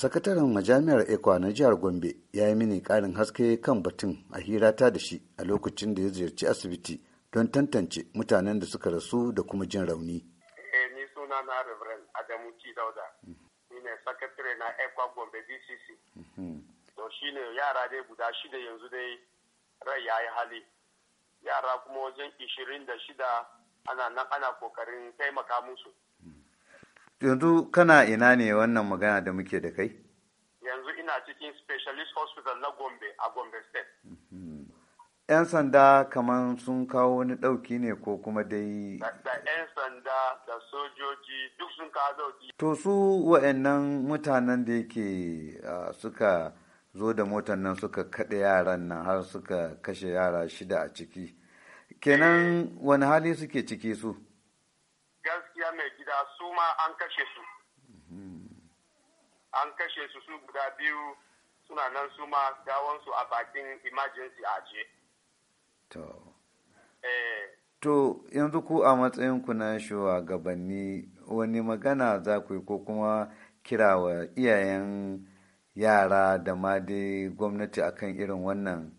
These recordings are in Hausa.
sakataren majami'ar ekwa na jihar gombe ya yi mini karin haske kan batun a hirata da shi a lokacin da ya ziyarci asibiti don tantance mutanen da suka rasu da kuma jin rauni eh ni suna na reverend adamu ci dauda ni ne sakatare na ekwa gombe bcc mhm. to shine yara dai guda shida yanzu dai rai ya yi hali yara kuma wajen ishirin shida ana nan ana kokarin taimaka musu Yanzu kana ina ne wannan magana da muke da kai? Yanzu ina cikin specialist hospital na Gombe a Gombe State. Mm-hmm. 'Yan sanda kamar sun kawo wani ɗauki ne ko kuma dai... Da 'yan sanda da sojoji duk sun kawo ɗauki. To su wayannan mutanen da yake suka zo da motar nan suka kaɗe yaran nan har suka kashe yara shida a ciki. Kenan eh. wani hali suke ciki su? gaskiya mai gida su ma an kashe su an kashe su su guda biyu suna nan su ma gawansu a bakin emergency a to eh. To yanzu ku a matsayin ku na shugabanni wani magana za ku yi ko kuma kira wa iyayen yara da ma dai gwamnati akan irin wannan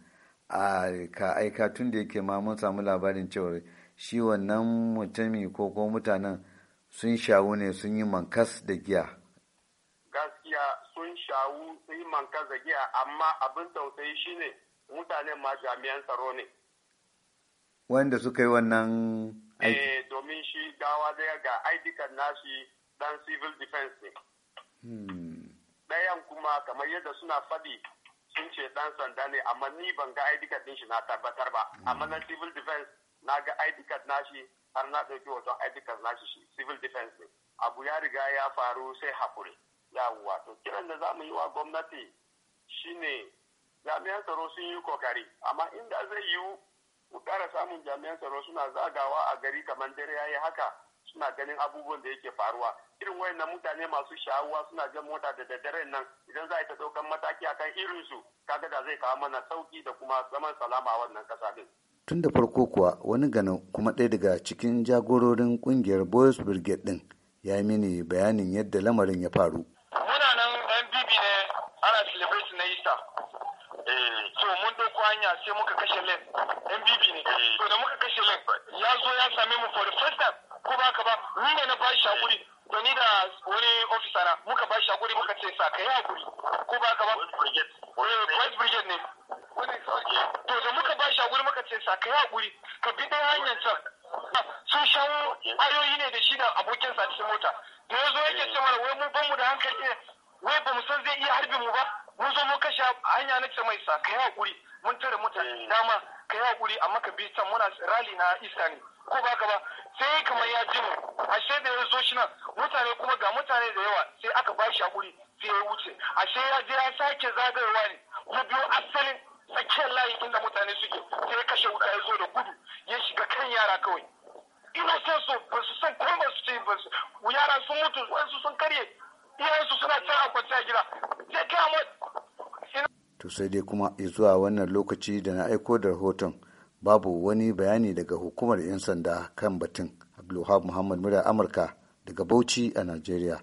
a ka aika tun da yake ma mun samu labarin cewar shi wannan mutumi ko ko mutanen sun shawu ne sun yi mankas da giya. Gaskiya sun shawu sun yi mankas da giya amma abin tausayi shi ne mutane ma jami'an tsaro ne. Wanda suka yi wannan aiki? Eh domin shi gawa daya ga aikikan nashi dan civil defense ne. Ɗayan hmm. kuma kamar yadda suna faɗi sun ce dan sanda ne amma ni ban ga aidikan din shi na tabbatar ba amma na civil defense na ga aidikan nashi har na ɗauki hoton ID nashi shi civil defense ne abu ya riga ya faru sai hakuri yawwa to kiran da zamu yi wa gwamnati shine jami'an tsaro sun yi kokari amma inda zai yiwu ku ƙara samun jami'an tsaro suna zagawa a gari kamar dare yayi haka suna ganin abubuwan da yake faruwa irin wayannan mutane masu sha'awa suna jan mota da daddare nan idan za a ta ɗaukan mataki akan irinsu kaga da zai kawo mana sauki da kuma zaman salama a wannan kasa din tun da farko kuwa wani gano kuma ɗaya daga cikin jagororin ƙungiyar boys brigade ɗin ya yi mini bayanin yadda lamarin ya faru muna nan mbb ne ana celebrate na isa to eh, mun doko hanya sai muka kashe len mbb ne to eh, da muka kashe len ya zo ya same mu for the first time ko ba ka ba ni ne na bashi hakuri to ni da wani ofisa na muka bashi hakuri muka ce sa kai hakuri ko ba ka ba boys brigade eh, ne sa ka haƙuri ka bi dai hanyar can sun shawo ayoyi ne da shi da abokin sa cikin mota da ya zo yake cewa wai mu ban mu da hankali ne wai ba mu san zai iya harbi mu ba mun zo mu kashe hanya na ce mai sa ka haƙuri mun tare mota dama ka haƙuri amma ka bi can muna rally na isa ne ko ba ka ba sai kamar ya ji mu ashe da ya zo shi nan mutane kuma ga mutane da yawa sai aka ba shi hakuri sai ya wuce ashe ya je ya sake zagayewa ne kuma biyo asalin tsakiyar layi inda mutane suke sai ya kashe wuta ya zo da gudu ya shiga kan yara kawai ina son su ba su san ko ba su ce ba su yara sun mutu wasu sun karye iyayensu suna can a kwanciya gida sai kai amma to sai dai kuma zuwa wannan lokaci da na aiko da rahoton babu wani bayani daga hukumar 'yan sanda kan batun abdulhab muhammad murya amurka daga bauchi a nigeria.